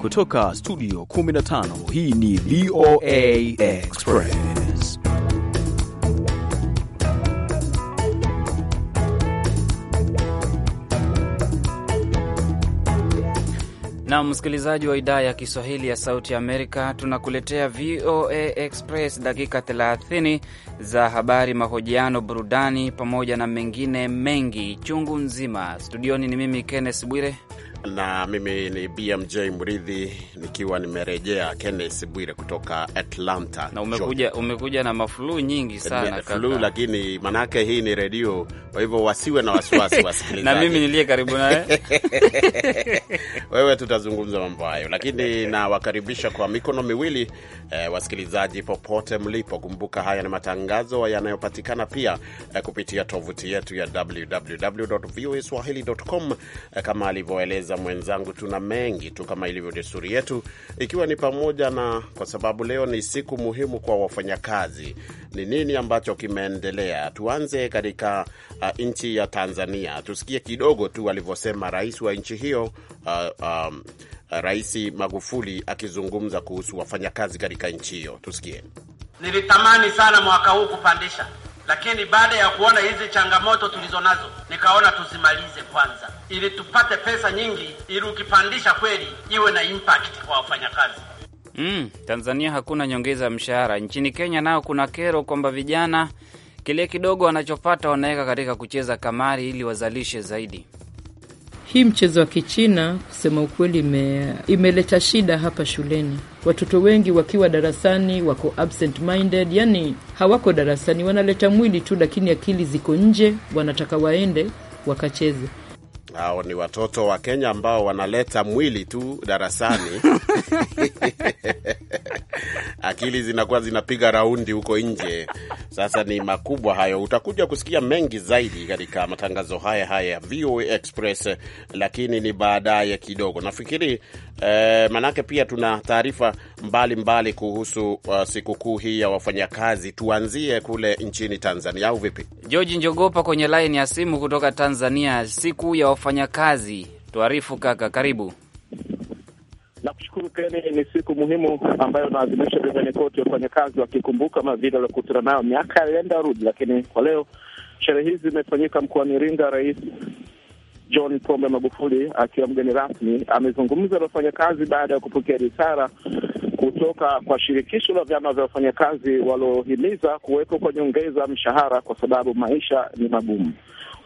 Kutoka studio 15 hii ni VOA Express. Na msikilizaji wa idhaa ya Kiswahili ya Sauti Amerika, tunakuletea VOA Express, dakika 30 za habari, mahojiano, burudani pamoja na mengine mengi chungu nzima. Studioni ni mimi Kenneth Bwire na mimi ni BMJ Mridhi nikiwa nimerejea Kennes Bwire kutoka Atlanta na umekuja, umekuja na maflu nyingi sana flu, lakini manake hii ni redio, kwa hivyo wasiwe na wasiwasi wasikilizaji na mimi niliye karibu naye wewe, tutazungumza mambo hayo, lakini nawakaribisha kwa mikono miwili eh, wasikilizaji popote mlipo. Kumbuka haya ni matangazo yanayopatikana pia eh, kupitia tovuti yetu ya www eh, kama alivyoeleza za mwenzangu, tuna mengi tu kama ilivyo desturi yetu, ikiwa ni pamoja na kwa sababu leo ni siku muhimu kwa wafanyakazi. Ni nini ambacho kimeendelea? Tuanze katika uh, nchi ya Tanzania, tusikie kidogo tu alivyosema rais wa nchi hiyo uh, um, Rais Magufuli akizungumza kuhusu wafanyakazi katika nchi hiyo, tusikie. Nilitamani sana mwaka huu kupandisha lakini baada ya kuona hizi changamoto tulizo nazo, nikaona tuzimalize kwanza, ili tupate pesa nyingi, ili ukipandisha kweli iwe na impact kwa wafanyakazi. Mm, Tanzania hakuna nyongeza ya mshahara. Nchini Kenya nao kuna kero kwamba vijana kile kidogo wanachopata wanaweka katika kucheza kamari ili wazalishe zaidi. Hii mchezo wa Kichina kusema ukweli, ime, imeleta shida hapa shuleni. Watoto wengi wakiwa darasani wako absent minded, yani hawako darasani, wanaleta mwili tu, lakini akili ziko nje, wanataka waende wakacheze. Hao ni watoto wa Kenya ambao wanaleta mwili tu darasani akili zinakuwa zinapiga raundi huko nje. Sasa ni makubwa hayo, utakuja kusikia mengi zaidi katika matangazo haya haya ya VOA Express, lakini ni baadaye kidogo. Nafikiri e, manake pia tuna taarifa mbalimbali kuhusu uh, sikukuu hii ya wafanyakazi. Tuanzie kule nchini Tanzania au vipi? George Njogopa kwenye laini ya simu kutoka Tanzania, siku ya wafanyakazi, tuarifu kaka, karibu. Nakushukuru Keni. Ni siku muhimu ambayo inaadhimisha duniani kote, wafanyakazi wakikumbuka mavile waliokutana nayo miaka yaenda rudi, lakini kwa leo sherehe hizi zimefanyika mkoani Iringa. Rais John Pombe Magufuli akiwa mgeni rasmi amezungumza na wafanyakazi baada ya kupokea risala kutoka kwa shirikisho la vyama vya wafanyakazi waliohimiza kuwepo kwa nyongeza mshahara kwa sababu maisha ni magumu.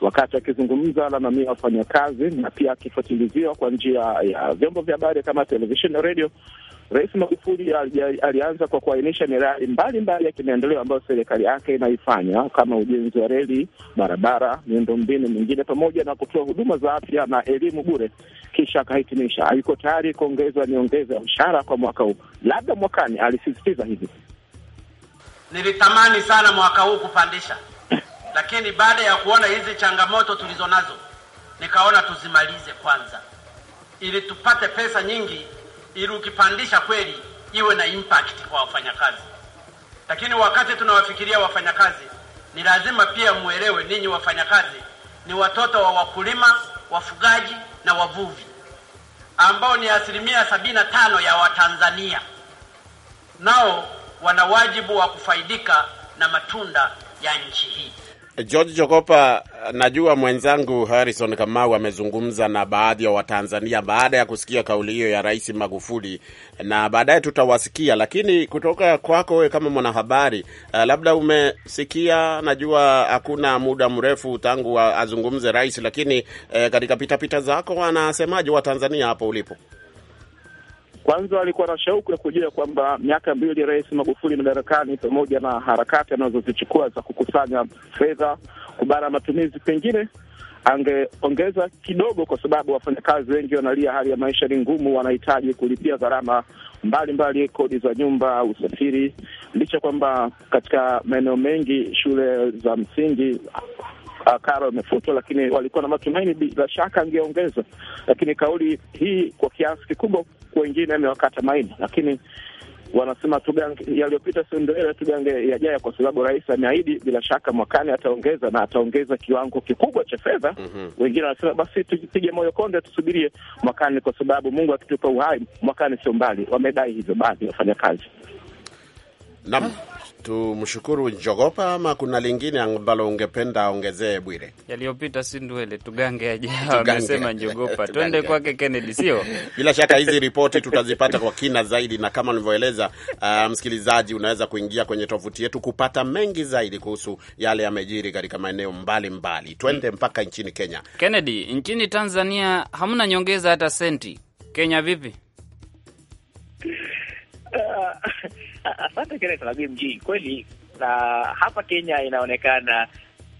Wakati akizungumza alalamiwa wafanyakazi na pia akifuatiliziwa kwa njia ya vyombo vya habari kama televisheni na redio, Rais Magufuli alianza kwa kuainisha miradi mbalimbali ya kimaendeleo ambayo serikali yake inaifanya kama ujenzi wa reli, barabara, miundombinu mingine, pamoja na kutoa huduma za afya na elimu bure. Kisha akahitimisha yuko tayari kuongezwa niongeza mshahara kwa mwaka huu, labda mwakani. Alisisitiza hivi: nilitamani sana mwaka huu kupandisha lakini baada ya kuona hizi changamoto tulizo nazo, nikaona tuzimalize kwanza, ili tupate pesa nyingi, ili ukipandisha kweli iwe na impact kwa wafanyakazi. Lakini wakati tunawafikiria wafanyakazi, ni lazima pia muelewe ninyi wafanyakazi ni watoto wa wakulima, wafugaji na wavuvi ambao ni asilimia sabini na tano ya Watanzania. Nao wana wajibu wa kufaidika na matunda ya nchi hii. George Jogopa, najua mwenzangu Harrison Kamau amezungumza na baadhi ya Watanzania baada ya kusikia kauli hiyo ya Rais Magufuli, na baadaye tutawasikia, lakini kutoka kwako wewe kama mwanahabari, eh, labda umesikia, najua hakuna muda mrefu tangu azungumze rais, lakini eh, katika pitapita zako wanasemaje Watanzania hapo ulipo? Kwanza alikuwa na shauku ya kujua kwamba miaka mbili Rais Magufuli madarakani, pamoja na harakati anazozichukua za kukusanya fedha kubana matumizi, pengine angeongeza kidogo, kwa sababu wafanyakazi wengi wanalia, hali ya maisha ni ngumu, wanahitaji kulipia gharama mbalimbali, kodi za nyumba, usafiri, licha kwamba katika maeneo mengi shule za msingi uh, karo imefutwa, lakini walikuwa na matumaini, bila shaka angeongeza, lakini kauli hii kwa kiasi kikubwa wengine amewakata maini, lakini wanasema tugange yaliyopita sio ndwele, tugange yajaya, kwa sababu rais ameahidi, bila shaka mwakani ataongeza na ataongeza kiwango kikubwa cha fedha. mm -hmm. Wengine wanasema basi tupige moyo konde, tusubirie mwakani, kwa sababu Mungu akitupa uhai, mwakani sio mbali. Wamedai hivyo baadhi ya wafanyakazi nam tumshukuru Njogopa, ama kuna lingine ambalo ungependa aongezee Bwire? Yaliyopita si ndwele, tugange ajao, amesema Njogopa. Twende kwake Kennedy, sio bila shaka hizi ripoti tutazipata kwa kina zaidi, na kama nilivyoeleza uh, msikilizaji, unaweza kuingia kwenye tovuti yetu kupata mengi zaidi kuhusu yale yamejiri katika maeneo mbalimbali. Twende hmm, mpaka nchini Kenya. Kennedy, nchini Tanzania hamna nyongeza hata senti, Kenya vipi? Ah, asante Kenesa BMG, kweli na hapa Kenya inaonekana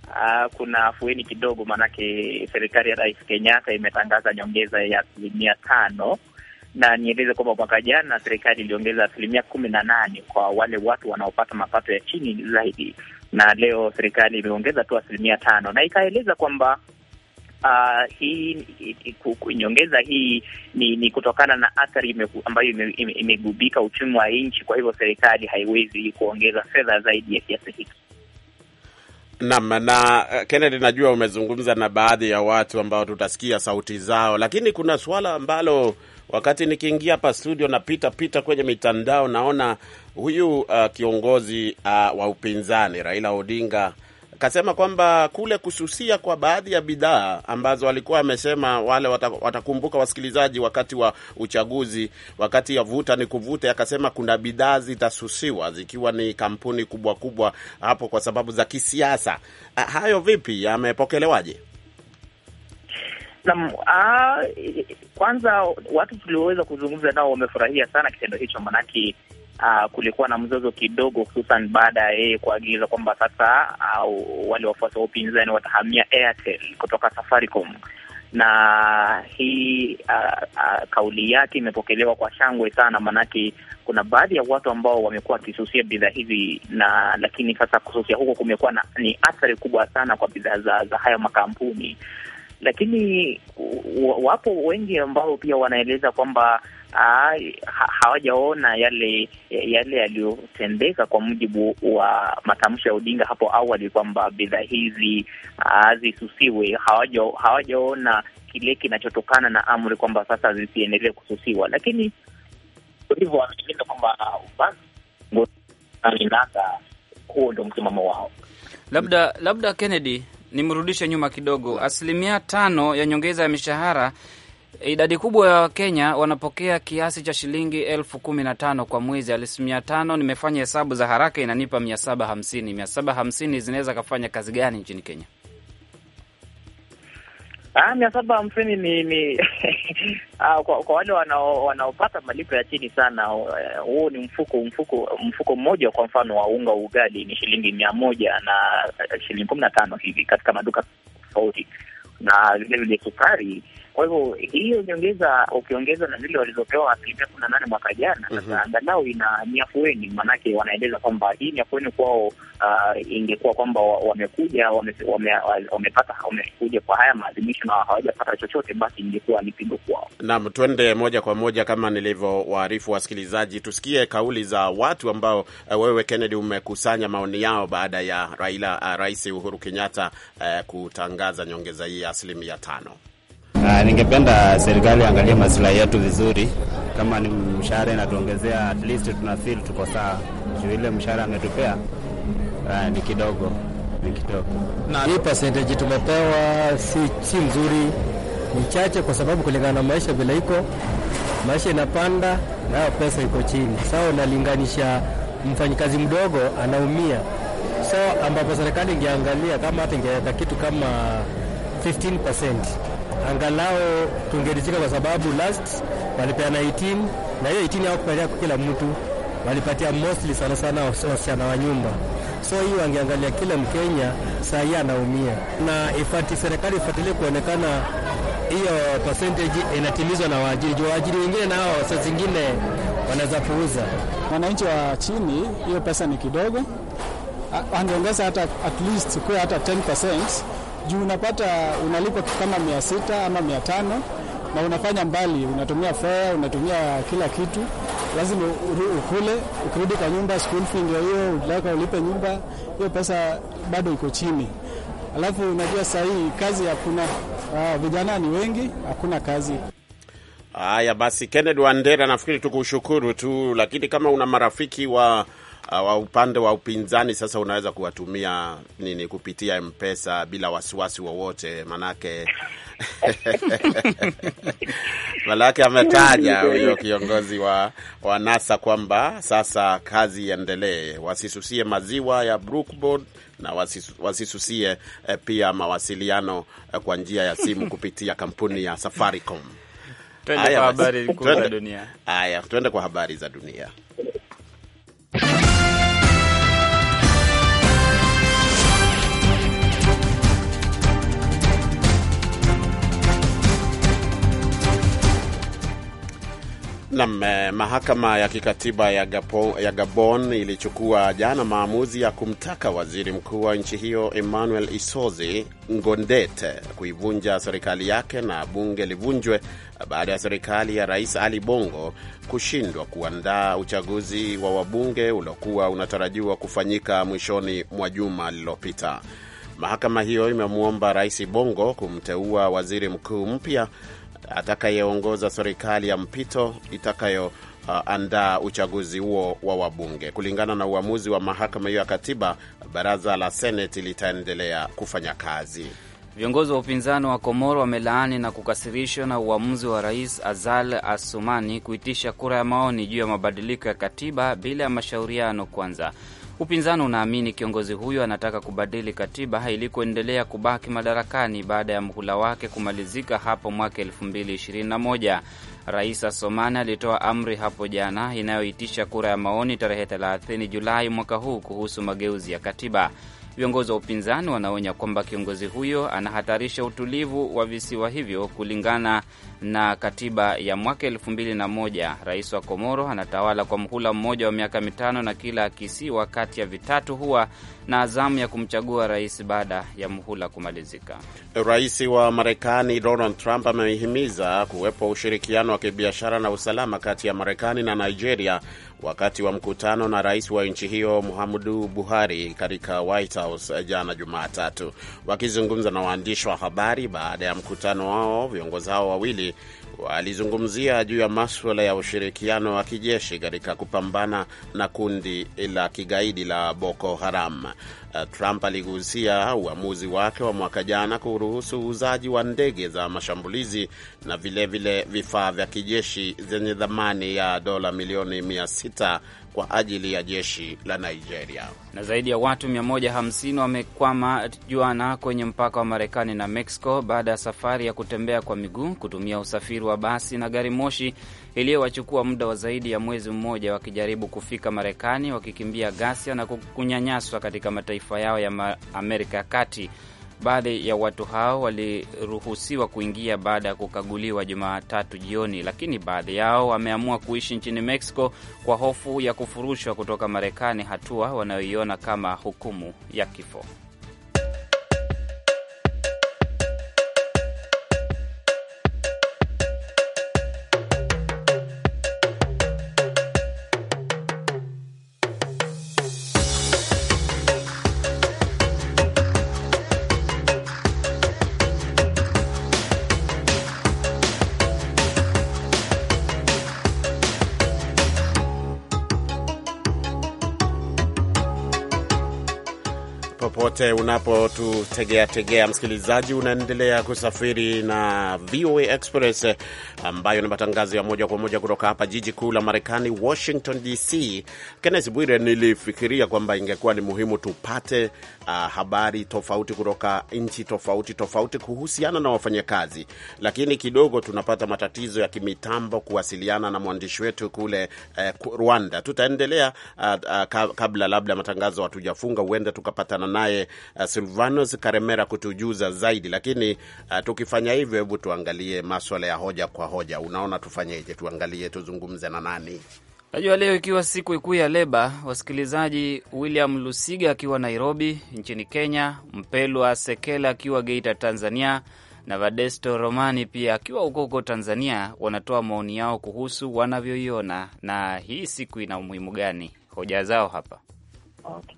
uh, kuna afueni kidogo, maanake serikali ya Rais Kenyatta imetangaza nyongeza ya asilimia tano na nieleze kwamba mwaka jana serikali iliongeza asilimia kumi na nane kwa wale watu wanaopata mapato ya chini zaidi, na leo serikali imeongeza tu asilimia tano na ikaeleza kwamba uh, hii kunyongeza hii ni, ni kutokana na athari ambayo ime, imegubika uchumi wa nchi. Kwa hivyo serikali haiwezi kuongeza fedha zaidi ya kiasi hiki. Naam, na eh, Kennedy, najua umezungumza na baadhi ya watu ambao tutasikia sauti zao, lakini kuna suala ambalo wakati nikiingia hapa studio na pita pita kwenye mitandao naona huyu uh, kiongozi uh, wa upinzani Raila Odinga kasema kwamba kule kususia kwa baadhi ya bidhaa ambazo walikuwa wamesema wale watakumbuka wasikilizaji, wakati wa uchaguzi, wakati ya vuta ni kuvute, akasema kuna bidhaa zitasusiwa zikiwa ni kampuni kubwa kubwa hapo kwa sababu za kisiasa. Ah, hayo vipi, yamepokelewaje? Naam, ah, kwanza watu tulioweza kuzungumza nao wamefurahia sana kitendo hicho, manake uh, kulikuwa na mzozo kidogo, hususan baada ya yeye kuagiza kwamba sasa uh, wale wafuasi wa upinzani watahamia Airtel kutoka Safaricom na hii uh, uh, kauli yake imepokelewa kwa shangwe sana, maanake kuna baadhi ya watu ambao wamekuwa wakisusia bidhaa hizi na lakini sasa kususia huko kumekuwa ni athari kubwa sana kwa bidhaa za, za haya makampuni lakini wapo wengi ambao pia wanaeleza kwamba ha, hawajaona yale yale yaliyotendeka kwa mujibu wa matamshi ya Odinga hapo awali kwamba bidhaa hizi zisusiwe. hawajaona kile kinachotokana na amri kwamba sasa zisiendelee kususiwa, lakini hivyo wanaeleza kwamba huo ndo msimamo wao. Labda labda Kennedy nimrudishe nyuma kidogo, asilimia tano ya nyongeza ya mishahara idadi kubwa ya Wakenya wanapokea kiasi cha shilingi elfu kumi na tano kwa mwezi. Asilimia tano, nimefanya hesabu za haraka, inanipa mia saba hamsini. Mia saba hamsini zinaweza kafanya kazi gani nchini Kenya? Ah, mia saba hamsini ni, ni ah, kwa, kwa wale wanao, wanaopata malipo ya chini sana. uh, ni mfuko mfuko mfuko mmoja, kwa mfano wa unga ugali ni shilingi mia moja na eh, shilingi kumi na tano hivi katika maduka tofauti, na vilevile sukari kwa hivyo hiyo nyongeza, ukiongeza na zile walizopewa asilimia kumi na nane mwaka jana, sasa mhm. angalau ina ni afueni, maanake wanaeleza kwamba hii ni afueni kwao. Uh, ingekuwa kwamba wamekuja wamepata wamekuja kwa haya maadhimisho na hawajapata chochote, basi ingekuwa ni pigo kwao. Naam, tuende moja kwa moja kama nilivyowaarifu wasikilizaji, tusikie kauli za watu ambao uh, wewe Kennedy umekusanya maoni yao baada ya Raila, uh, Rais Uhuru Kenyatta uh, kutangaza nyongeza hii ya asilimia tano. Uh, ningependa serikali angalie maslahi yetu vizuri. Kama ni mshahara inatuongezea, at least tuna feel tuko sawa juu ile mshahara ametupea uh, ni kidogo, ni kidogo. Na hii percentage tumepewa si, si nzuri, ni chache, kwa sababu kulingana na maisha vile iko, maisha inapanda nayo pesa iko chini, sawa. So, unalinganisha mfanyikazi mdogo anaumia, so ambapo serikali ingeangalia kama hata ingeweka kitu kama 15% angalau tungerizika kwa sababu last walipeana 18 na hiyo 18 hawakupatia kwa kila mtu, walipatia mostly sana sana wasichana wa nyumba. So hiyo wangeangalia kila Mkenya saa hii anaumia, na ifati serikali ifuatilie kuonekana hiyo percentage inatimizwa na waajiri, juu waajiri wengine nao saa zingine wanaweza puuza wananchi wa chini. Hiyo pesa ni kidogo, angeongeza hata at least kwa hata 10% juu unapata unalipwa kama mia sita ama mia tano na unafanya mbali, unatumia fare, unatumia kila kitu, lazima ukule. Ukirudi kwa nyumba, school fee ndio hiyo, utaka ulipe nyumba, hiyo pesa bado iko chini. Alafu unajua saa hii kazi hakuna, ah, vijana ni wengi, hakuna kazi. Haya basi, kenned Wandera, nafikiri tukushukuru tu, lakini kama una marafiki wa Ah, wa upande wa upinzani sasa unaweza kuwatumia nini kupitia mpesa bila wasiwasi wowote wa manake manake ametaja huyo kiongozi wa, wa NASA kwamba sasa kazi iendelee, wasisusie maziwa ya Brookbond na wasisusie eh, pia mawasiliano eh, kwa njia ya simu kupitia kampuni ya Safaricom. aya tuende kwa habari za dunia. Nam, eh, mahakama ya kikatiba ya Gabon, ya Gabon ilichukua jana maamuzi ya kumtaka waziri mkuu wa nchi hiyo Emmanuel Isozi Ngondete kuivunja serikali yake na bunge livunjwe baada ya serikali ya Rais Ali Bongo kushindwa kuandaa uchaguzi wa wabunge uliokuwa unatarajiwa kufanyika mwishoni mwa juma lililopita. Mahakama hiyo imemwomba Rais Bongo kumteua waziri mkuu mpya atakayeongoza serikali ya mpito itakayo Uh, uchaguzi huo wa wabunge. Kulingana na uamuzi wa mahakama hiyo ya katiba, baraza la seneti litaendelea kufanya kazi. Viongozi wa upinzani wa Komoro wamelaani na kukasirishwa na uamuzi wa Rais Azal Asumani kuitisha kura ya maoni juu ya mabadiliko ya katiba bila ya mashauriano kwanza. Upinzani unaamini kiongozi huyo anataka kubadili katiba ili kuendelea kubaki madarakani baada ya mhula wake kumalizika hapo mwaka 2021. Rais asomani alitoa amri hapo jana inayoitisha kura ya maoni tarehe 30 Julai mwaka huu kuhusu mageuzi ya katiba. Viongozi wa upinzani wanaonya kwamba kiongozi huyo anahatarisha utulivu wa visiwa hivyo kulingana na katiba ya mwaka elfu mbili na moja. Rais wa Komoro anatawala kwa mhula mmoja wa miaka mitano, na kila kisiwa kati ya vitatu huwa na azamu ya kumchagua rais baada ya mhula kumalizika. Rais wa Marekani Donald Trump amehimiza kuwepo ushirikiano wa kibiashara na usalama kati ya Marekani na Nigeria wakati wa mkutano na rais wa nchi hiyo Muhammadu Buhari katika White House jana Jumatatu. Wakizungumza na waandishi wa habari baada ya mkutano wao, viongozi hao wawili walizungumzia juu ya maswala ya ushirikiano wa kijeshi katika kupambana na kundi la kigaidi la Boko Haram. Uh, Trump aligusia uamuzi wake wa mwaka jana kuruhusu uuzaji wa ndege za mashambulizi na vilevile vifaa vya kijeshi zenye thamani ya dola milioni 600 kwa ajili ya jeshi la Nigeria. Na zaidi ya watu 150 wamekwama juana kwenye mpaka wa Marekani na Mexico baada ya safari ya kutembea kwa miguu kutumia usafiri wa basi na gari moshi iliyowachukua muda wa zaidi ya mwezi mmoja wakijaribu kufika Marekani wakikimbia ghasia na kunyanyaswa katika mataifa yao ya Amerika ya Kati. Baadhi ya watu hao waliruhusiwa kuingia baada ya kukaguliwa Jumatatu jioni, lakini baadhi yao wameamua kuishi nchini Mexico kwa hofu ya kufurushwa kutoka Marekani, hatua wanayoiona kama hukumu ya kifo. unapotutegea tegea, msikilizaji, unaendelea kusafiri na VOA Express ambayo ni matangazo ya moja kwa moja kutoka hapa jiji kuu la Marekani, Washington DC. Kenneth Bwire, nilifikiria kwamba ingekuwa ni muhimu tupate uh, habari tofauti kutoka nchi tofauti tofauti kuhusiana na wafanyakazi, lakini kidogo tunapata matatizo ya kimitambo kuwasiliana na mwandishi wetu kule uh, Rwanda. Tutaendelea uh, uh, kabla labda matangazo hatujafunga, huenda tukapatana naye uh, Uh, Silvanos Karemera kutujuza zaidi, lakini uh, tukifanya hivyo, hebu tuangalie maswala ya hoja kwa hoja. Unaona tufanyeje? Tuangalie, tuzungumze na nani? Najua leo ikiwa siku ikuu ya leba, wasikilizaji, William Lusiga akiwa Nairobi nchini Kenya, Mpelwa Sekela akiwa Geita Tanzania na Vadesto Romani pia akiwa huko huko Tanzania wanatoa maoni yao kuhusu wanavyoiona na hii siku ina umuhimu gani, hoja zao hapa. Okay.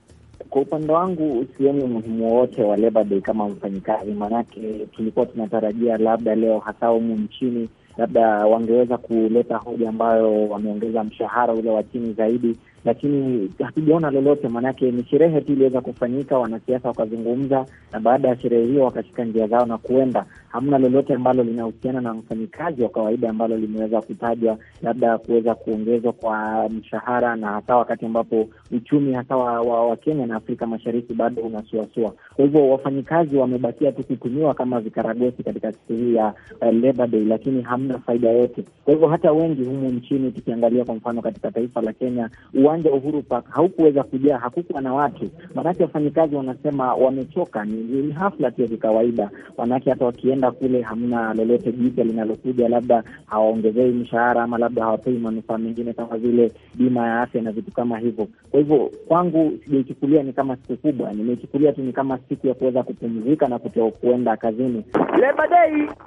Kwa upande wangu sioni umuhimu wowote wa Labour Day kama mfanyikazi, maanake tulikuwa tunatarajia labda leo hasa humu nchini labda wangeweza kuleta hoja ambayo wameongeza mshahara ule wa chini zaidi, lakini hatujaona lolote. Maanake ni sherehe tu iliweza kufanyika, wanasiasa wakazungumza, na baada ya sherehe hiyo wakashika njia zao na kuenda. Hamna lolote ambalo linahusiana na mfanyikazi wa kawaida ambalo limeweza kutajwa, labda kuweza kuongezwa kwa mshahara, na hasa wakati ambapo uchumi hasa wa, wa, wa Kenya na Afrika Mashariki bado unasuasua. Kwa hivyo wafanyikazi wamebakia tu kutumiwa kama vikaragosi katika siku hii ya uh, Labor Day, lakini ham hamna faida yote. Kwa hivyo hata wengi humu nchini, tukiangalia kwa mfano katika taifa la Kenya, uwanja wa Uhuru Park haukuweza kujaa, hakukuwa na watu, maanake wafanyikazi wanasema wamechoka, ni, ni hafla tu ya kawaida, maanake hata wakienda kule hamna lolote jipya linalokuja, labda hawaongezei mshahara ama labda hawapei manufaa mengine kama vile bima ya afya na vitu kama hivyo. Kwa hivyo kwangu sijaichukulia ni kama siku kubwa, nimeichukulia tu ni kama siku ya kuweza kupumzika na kuto kuenda kazini.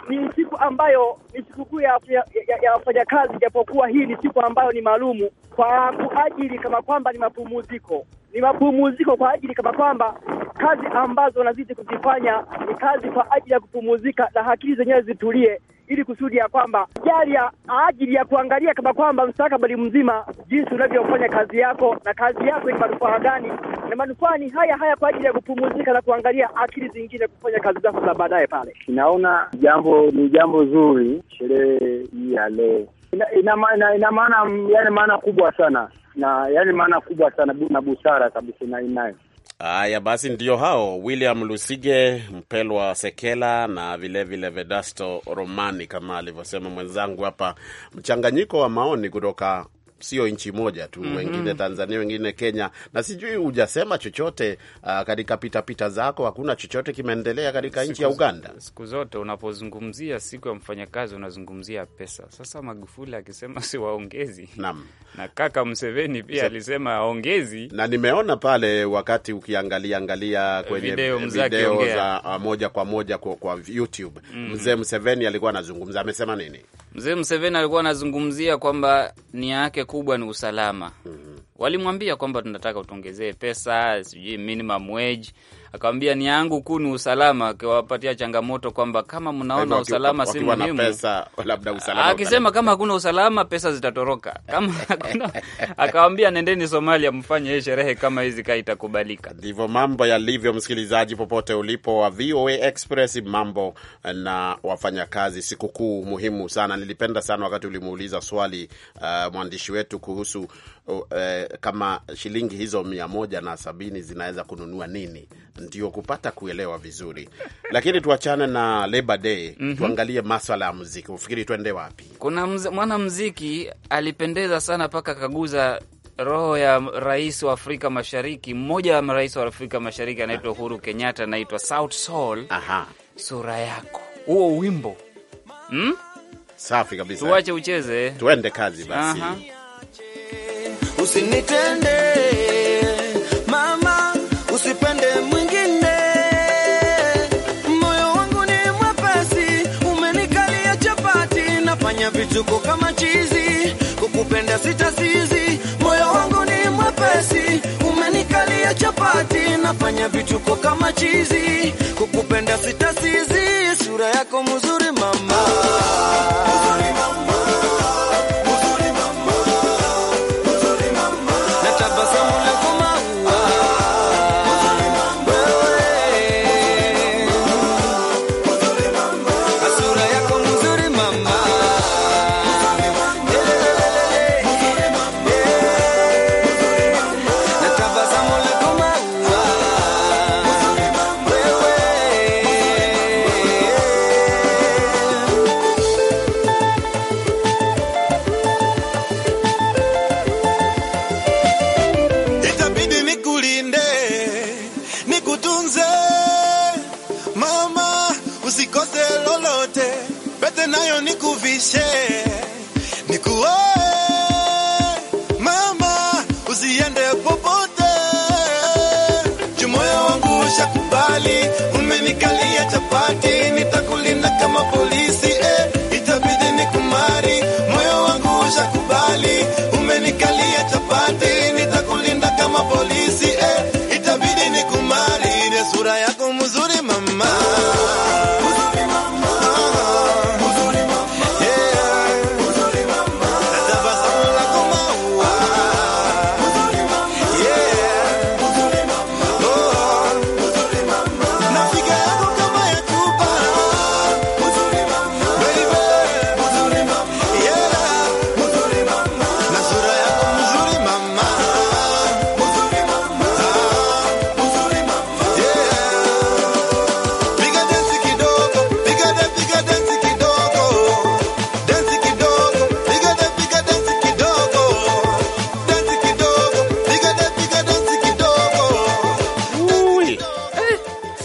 ni siku ambayo ni siku sikukuu ya, ya, ya, ya wafanyakazi, japokuwa hii ni siku ambayo ni maalumu kwa ajili kama kwamba ni mapumziko, ni mapumziko kwa ajili kama kwamba kazi ambazo wanazidi kuzifanya ni kazi kwa ajili ya kupumzika na akili zenyewe zitulie ili kusudi ya kwamba ya ajili ya kuangalia kama kwamba mstakabali mzima jinsi unavyofanya kazi yako na kazi yako ina manufaa gani, na manufaa ni haya haya kwa ajili ya kupumzika na kuangalia akili zingine kufanya kazi zako za baadaye pale. Naona jambo ni jambo zuri, sherehe hii ya leo ina, ina, ina, ina maana yani maana kubwa sana na yani maana kubwa sana na busara kabisa inayo Haya basi, ndio hao William Lusige, Mpelwa Sekela na vilevile vile Vedasto Romani, kama alivyosema mwenzangu hapa, mchanganyiko wa maoni kutoka sio nchi moja tu, mhm. wengine mm -hmm. Tanzania, wengine Kenya, na sijui hujasema chochote uh, katika pitapita zako hakuna chochote kimeendelea katika nchi ya Uganda. Siku zote unapozungumzia siku ya mfanyakazi unazungumzia pesa. Sasa Magufuli akisema si waongezi, na kaka Mseveni pia alisema aongezi, na nimeona pale wakati ukiangalia angalia eh, kwenye video, video za uh, moja kwa moja kwa, kwa YouTube mm -hmm. Mzee Mseveni alikuwa anazungumza, amesema nini? Mzee Mseveni alikuwa anazungumzia kwamba nia yake kubwa ni usalama. mm -hmm. Walimwambia kwamba tunataka utuongezee pesa, sijui minimum wage, akamwambia ni yangu kuu ni usalama, akiwapatia changamoto kwamba kama mnaona usalama si muhimu, akisema kama hakuna usalama pesa zitatoroka kama hakuna, akawambia nendeni Somalia mfanye hii sherehe kama hizi kaa itakubalika. Ndivyo mambo yalivyo, msikilizaji popote ulipo wa VOA Express, mambo na wafanyakazi, sikukuu muhimu sana. Nilipenda sana wakati ulimuuliza swali uh, mwandishi wetu kuhusu uh, kama shilingi hizo mia moja na sabini zinaweza kununua nini? Ndio kupata kuelewa vizuri, lakini tuachane na Labor Day mm -hmm. Tuangalie maswala ya muziki. Ufikiri tuende wapi? Kuna mwanamuziki alipendeza sana mpaka akaguza roho ya rais wa Afrika Mashariki. Mmoja wa marais wa Afrika Mashariki anaitwa Uhuru Kenyatta, anaitwa South Soul. Aha, sura yako, huo wimbo hmm? Safi kabisa, tuache ucheze, tuende kazi basi. Aha usinitende mama, usipende mwingine. Moyo wangu ni mwepesi, umenikalia chapati, nafanya vituko kama chizi, kukupenda sitasizi. Moyo wangu ni mwepesi, umenikalia chapati, nafanya vituko kama chizi, kukupenda sitasizi. Sura yako mzuri mama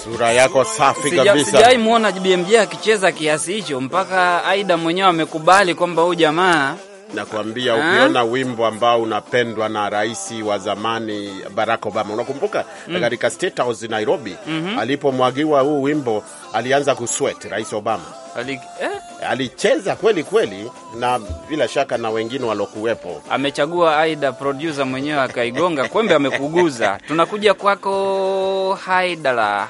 Sura yako safi kabisa. Sijai muona BMJ akicheza kiasi hicho mpaka Aida mwenyewe amekubali kwamba huyu jamaa nakwambia eh? ukiona wimbo ambao unapendwa na rais wa zamani Barack Obama, unakumbuka mm. katika mm. State House Nairobi mm -hmm. alipomwagiwa huu wimbo alianza kusweat rais Obama Ali, eh? alicheza kweli kweli, na bila shaka na wengine walokuwepo. Amechagua Aida, producer mwenyewe akaigonga kwembe, amekuguza. Tunakuja kwako Haidala.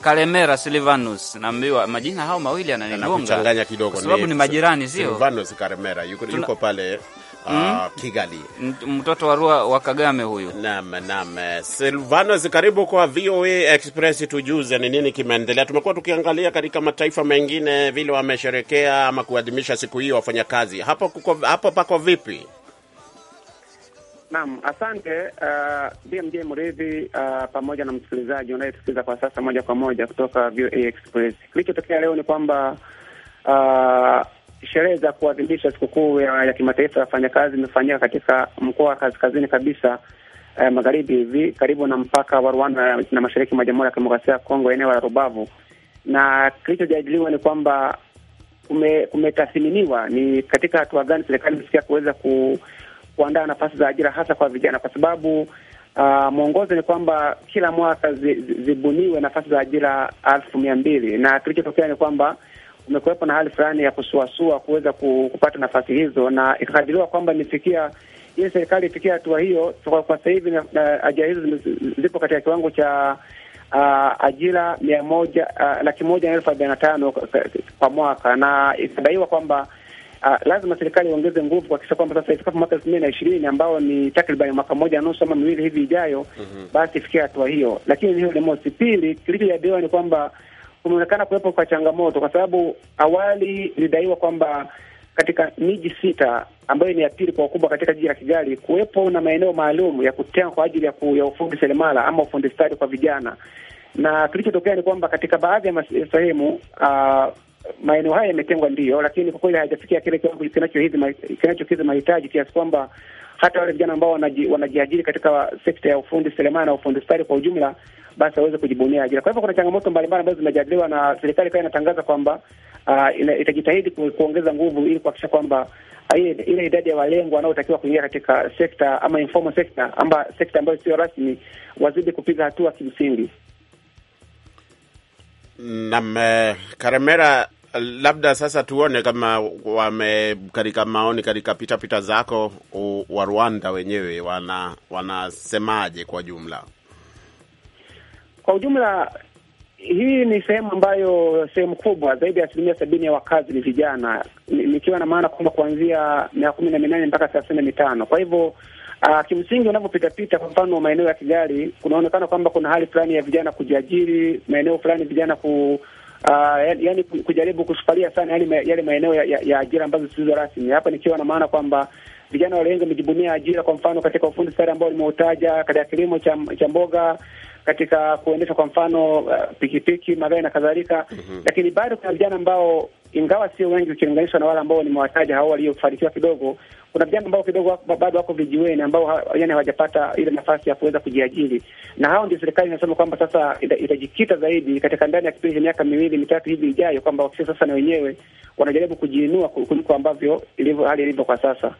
Kalemera Silvanus, naambiwa majina hao mawili yananigonga kidogo, kwa sababu ni majirani, sio Silvanus Kalemera yuko, Tuna... yuko pale Uh, mm. Kigali. Mtoto wa Rua wa Kagame huyu. Naam, naam. Silvanos, karibu kwa VOA Express, tujuze ni nini kimeendelea. Tumekuwa tukiangalia katika mataifa mengine vile wamesherekea ama kuadhimisha siku hiyo wafanyakazi. Hapo kuko, hapo pako vipi? Naam, asante uh, BMJ Mridhi uh, pamoja na msikilizaji unayetusikiliza kwa sasa moja kwa moja kutoka VOA Express. Kilichotokea leo ni kwamba uh, sherehe za kuadhimisha sikukuu ya, ya kimataifa ya wafanyakazi imefanyika katika mkoa wa kaskazini kabisa uh, magharibi hivi karibu na mpaka wa Rwanda na mashariki mwa Jamhuri ya Kidemokrasia ya Kongo, eneo la Rubavu, na kilichojadiliwa ni kwamba kumetathiminiwa ni katika hatua gani serikali imefikia kuweza ku kuandaa nafasi za ajira hasa kwa vijana, kwa sababu uh, mwongozo ni kwamba kila mwaka zi, zi, zibuniwe nafasi za ajira elfu mia mbili na kilichotokea ni kwamba umekuwepo na hali fulani ya kusuasua kuweza kupata nafasi hizo, na ikakadiriwa kwamba imefikia ili serikali ifikia hatua hiyo. So, kwa sasa hivi ajira hizo zipo katika kiwango cha uh, ajira mia moja uh, laki moja na elfu arobaini na tano kwa mwaka, na ikadaiwa kwamba uh, lazima serikali iongeze nguvu kuhakikisha kwamba sasa ifikapo mwaka elfu mbili na ishirini ambao ni takriban mwaka mmoja nusu ama miwili hivi ijayo, mm -hmm. basi ifikia hatua hiyo. Lakini hiyo ni mosi. Pili, kilichojadiliwa ni kwamba kumeonekana kuwepo kwa changamoto, kwa sababu awali ilidaiwa kwamba katika miji sita ambayo ni ya pili kwa ukubwa katika jiji la Kigali kuwepo na maeneo maalum ya kutenga kwa ajili ya, ku, ya ufundi seremala ama ufundi stadi kwa vijana, na kilichotokea ni kwamba katika baadhi ya sehemu uh, maeneo haya yametengwa ndio, lakini kwa kweli hayajafikia kile kiwango kinachokidhi mahitaji kiasi kwamba hata wale vijana ambao wanaji, wanajiajiri katika sekta ya ufundi seremala na ufundi stadi kwa ujumla, basi waweze kujibunia ajira. Kwa hivyo kuna changamoto mbalimbali ambazo zimejadiliwa na serikali kaa inatangaza kwamba uh, itajitahidi ku, kuongeza nguvu ili kuhakikisha kwamba uh, ile idadi ya walengwa wanaotakiwa kuingia katika sekta ama informal sector ama sekta ambayo sio rasmi wazidi kupiga hatua kimsingi. Nam eh, Karemera, labda sasa tuone kama wame katika maoni katika pitapita zako wa Rwanda wenyewe wana wanasemaje kwa jumla? Kwa ujumla hii ni sehemu ambayo sehemu kubwa zaidi ya asilimia sabini ya wakazi ni vijana, nikiwa na maana kwamba kuanzia miaka kumi na minane mpaka thelathini na mitano. Kwa hivyo Uh, kimsingi unavyopitapita kwa mfano maeneo ya Kigali kunaonekana kwamba kuna hali fulani ya vijana kujiajiri, maeneo fulani vijana ku, uh, yani kujaribu kushupalia sana yale maeneo ya, ya, ya ajira ambazo zisizo rasmi. Hapa nikiwa na maana kwamba vijana wale wengi wamejibunia ajira, kwa mfano katika ufundi stadi ambao nimeutaja, katika kilimo cha, cha mboga katika kuendesha kwa mfano ah, pikipiki, uh, magari na kadhalika mm -hmm. Lakini bado kuna vijana ambao ingawa sio wengi ukilinganishwa na wale ambao nimewataja hao waliofanikiwa kidogo, kuna vijana ambao kidogo bado wako vijiweni, ambao yani hawajapata ile nafasi ya kuweza kujiajiri, na hao ndio serikali inasema kwamba sasa itajikita zaidi katika ndani ya kipindi cha miaka miwili mitatu hivi ijayo, kwamba wakisha sasa na wenyewe wanajaribu kujiinua kuliko ambavyo ilivyo hali ilivyo kwa sasa.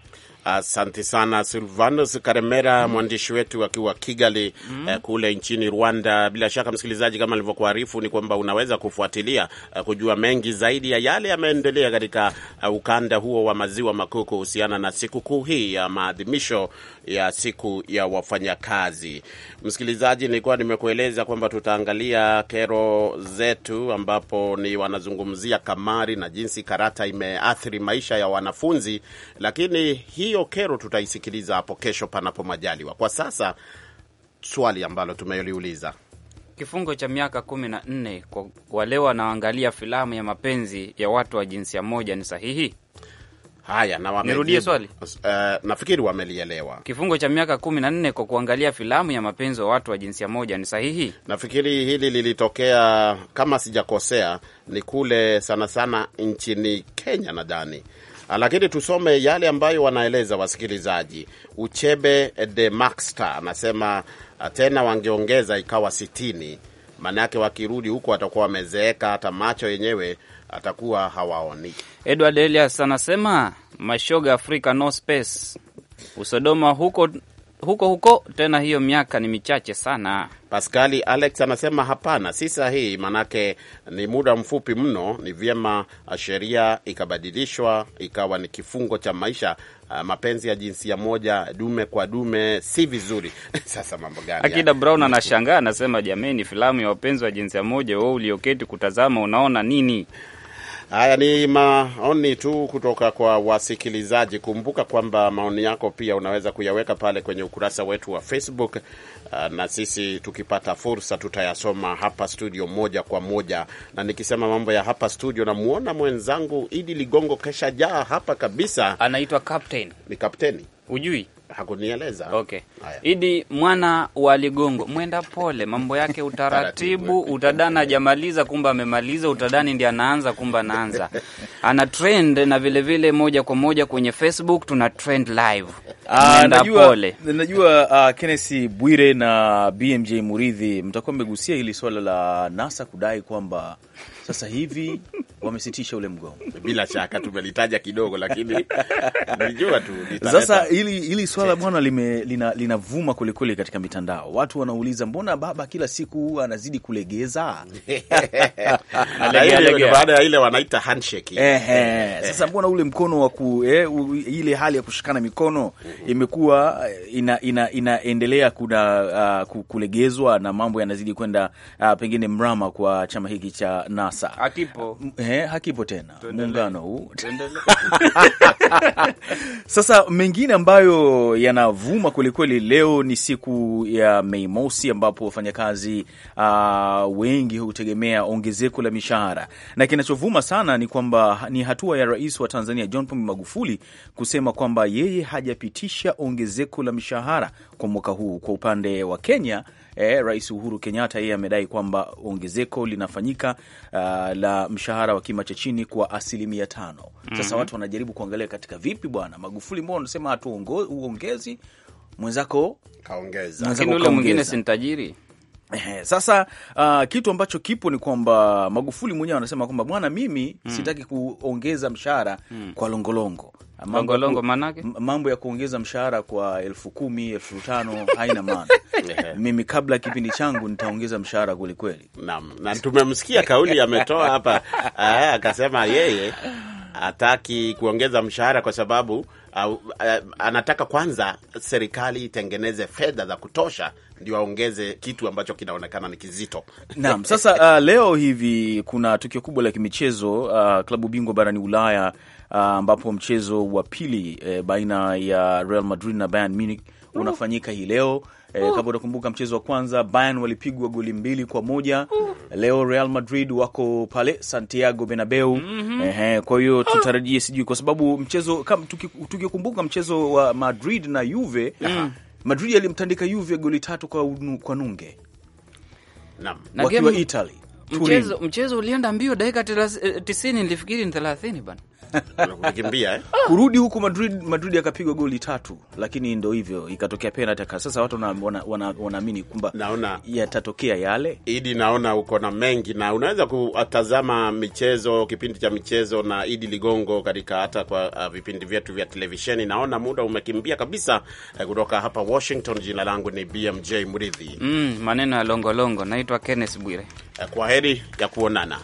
Asante sana Silvanus Karemera, mm. mwandishi wetu akiwa Kigali, mm. eh, kule nchini Rwanda. Bila shaka, msikilizaji, kama alivyokuarifu ni kwamba unaweza kufuatilia eh, kujua mengi zaidi ya yale yameendelea katika eh, ukanda huo wa maziwa makuu kuhusiana na sikukuu hii ya maadhimisho ya siku ya wafanyakazi. Msikilizaji, nilikuwa nimekueleza kwamba tutaangalia kero zetu, ambapo ni wanazungumzia kamari na jinsi karata imeathiri maisha ya wanafunzi, lakini hiyo kero tutaisikiliza hapo kesho, panapo majaliwa. Kwa sasa swali ambalo tumeliuliza kifungo cha miaka kumi na nne kwa wale wanaoangalia filamu ya mapenzi ya watu wa jinsia moja ni sahihi? Haya, na wame nirudie swali. Uh, nafikiri wamelielewa. Kifungo cha miaka kumi na nne kwa kuangalia filamu ya mapenzi wa watu wa jinsia moja ni sahihi? Nafikiri hili lilitokea kama sijakosea, ni kule sana sana nchini Kenya nadhani, ah, lakini tusome yale ambayo wanaeleza wasikilizaji. Uchebe de Maxta anasema ah, tena wangeongeza ikawa sitini, maana yake wakirudi huko watakuwa wamezeeka hata macho yenyewe atakuwa hawaoni. Edward Elias anasema mashoga Afrika no space usodoma huko huko huko tena, hiyo miaka ni michache sana. Pascali Alex anasema hapana, si sahihi, manake ni muda mfupi mno. Ni vyema uh, sheria ikabadilishwa ikawa ni kifungo cha maisha. Uh, mapenzi ya jinsia moja dume kwa dume si vizuri. Sasa mambo gani? Akida Brown anashangaa anasema, jameni, filamu ya wapenzi wa jinsia moja, wewe ulioketi kutazama unaona nini? Haya ni maoni tu kutoka kwa wasikilizaji. Kumbuka kwamba maoni yako pia unaweza kuyaweka pale kwenye ukurasa wetu wa Facebook, ah, na sisi tukipata fursa tutayasoma hapa studio moja kwa moja. Na nikisema mambo ya hapa studio, namwona mwenzangu Idi Ligongo kesha jaa hapa kabisa, anaitwa Captain. Ni kapteni, hujui Hakunieleza. Okay. Idi mwana wa Ligongo, mwenda pole, mambo yake utaratibu. Utadana ajamaliza kumbe amemaliza, utadani ndi anaanza kumbe anaanza, ana trend na vilevile vile moja kwa moja kwenye Facebook tuna trend live. Uh, najua, pole. Najua uh, Kenneth Bwire na BMJ Muridhi mtakuwa mmegusia hili swala la NASA kudai kwamba sasa hivi wamesitisha ule mgomo. Bila shaka tumelitaja kidogo, lakini nilijua tu sasa hili, hili swala bwana linavuma lina kwelikweli katika mitandao. Watu wanauliza mbona baba kila siku anazidi kulegeza baada ya ile wanaita handshake. Eh, eh. Sasa mbona ule mkono wa ku, eh, ile hali ya kushikana mikono mm-hmm. imekuwa eh, ina, ina, inaendelea kuna uh, kulegezwa na mambo yanazidi kwenda uh, pengine mrama kwa chama hiki cha NASA Akipo. eh, ehe, hakipo tena muungano huu sasa. Mengine ambayo yanavuma kwelikweli leo ni siku ya Mei Mosi, ambapo wafanyakazi uh, wengi hutegemea ongezeko la mishahara, na kinachovuma sana ni kwamba ni hatua ya Rais wa Tanzania John Pombe Magufuli kusema kwamba yeye hajapitisha ongezeko la mishahara kwa mwaka huu. Kwa upande wa Kenya eh, Rais Uhuru Kenyatta yeye amedai kwamba ongezeko linafanyika uh, la mshahara wa kima cha chini kwa asilimia tano. Mhm. Sasa mm -hmm. watu wanajaribu kuangalia katika vipi, bwana Magufuli mbona unasema hatuuongezi, mwenzako kaongeza, lakini ule mwingine si tajiri sasa uh, kitu ambacho kipo ni kwamba Magufuli mwenyewe anasema kwamba bwana, mimi mm. sitaki kuongeza mshahara mm. kwa longolongo ah, mambo, manake mambo ya kuongeza mshahara kwa elfu kumi elfu tano haina maana. Mimi kabla ya kipindi changu nitaongeza mshahara kwelikweli. Naam, na tumemsikia kauli ametoa hapa, ah, akasema yeye hataki kuongeza mshahara kwa sababu uh, uh, anataka kwanza serikali itengeneze fedha za kutosha ndio aongeze kitu ambacho kinaonekana ni kizito. Naam, sasa uh, leo hivi kuna tukio kubwa la kimichezo uh, klabu bingwa barani Ulaya ambapo uh, mchezo wa pili eh, baina ya Real Madrid na Bayern Munich mm. unafanyika hii leo E, eh, oh. kama utakumbuka mchezo wa kwanza Bayern walipigwa goli mbili kwa moja. Oh. leo Real Madrid wako pale Santiago Bernabeu. Mm-hmm. kwa hiyo oh. tutarajie sijui kwa sababu mchezo kama tukikumbuka mchezo wa Madrid na Juve mm. Madrid alimtandika Juve goli tatu kwa, kwa nunge. Naam. Wakiwa Italy. Mchezo, mchezo ulienda mbio dakika 90 eh, nilifikiri ni 30 bana kukimbia eh? Ah. kurudi huku Madrid, Madrid akapigwa goli tatu, lakini ndo hivyo ikatokea penalty. Sasa watu wanaamini wana, wana kwamba naona yatatokea yale. Idi, naona uko na mengi na unaweza kutazama michezo, kipindi cha michezo na Idi Ligongo katika hata kwa uh, vipindi vyetu vya televisheni. Naona muda umekimbia kabisa eh, kutoka hapa Washington. Jina langu ni BMJ Mridhi. Mm, maneno ya longolongo. Naitwa Kenneth Bwire eh, kwa heri ya kuonana.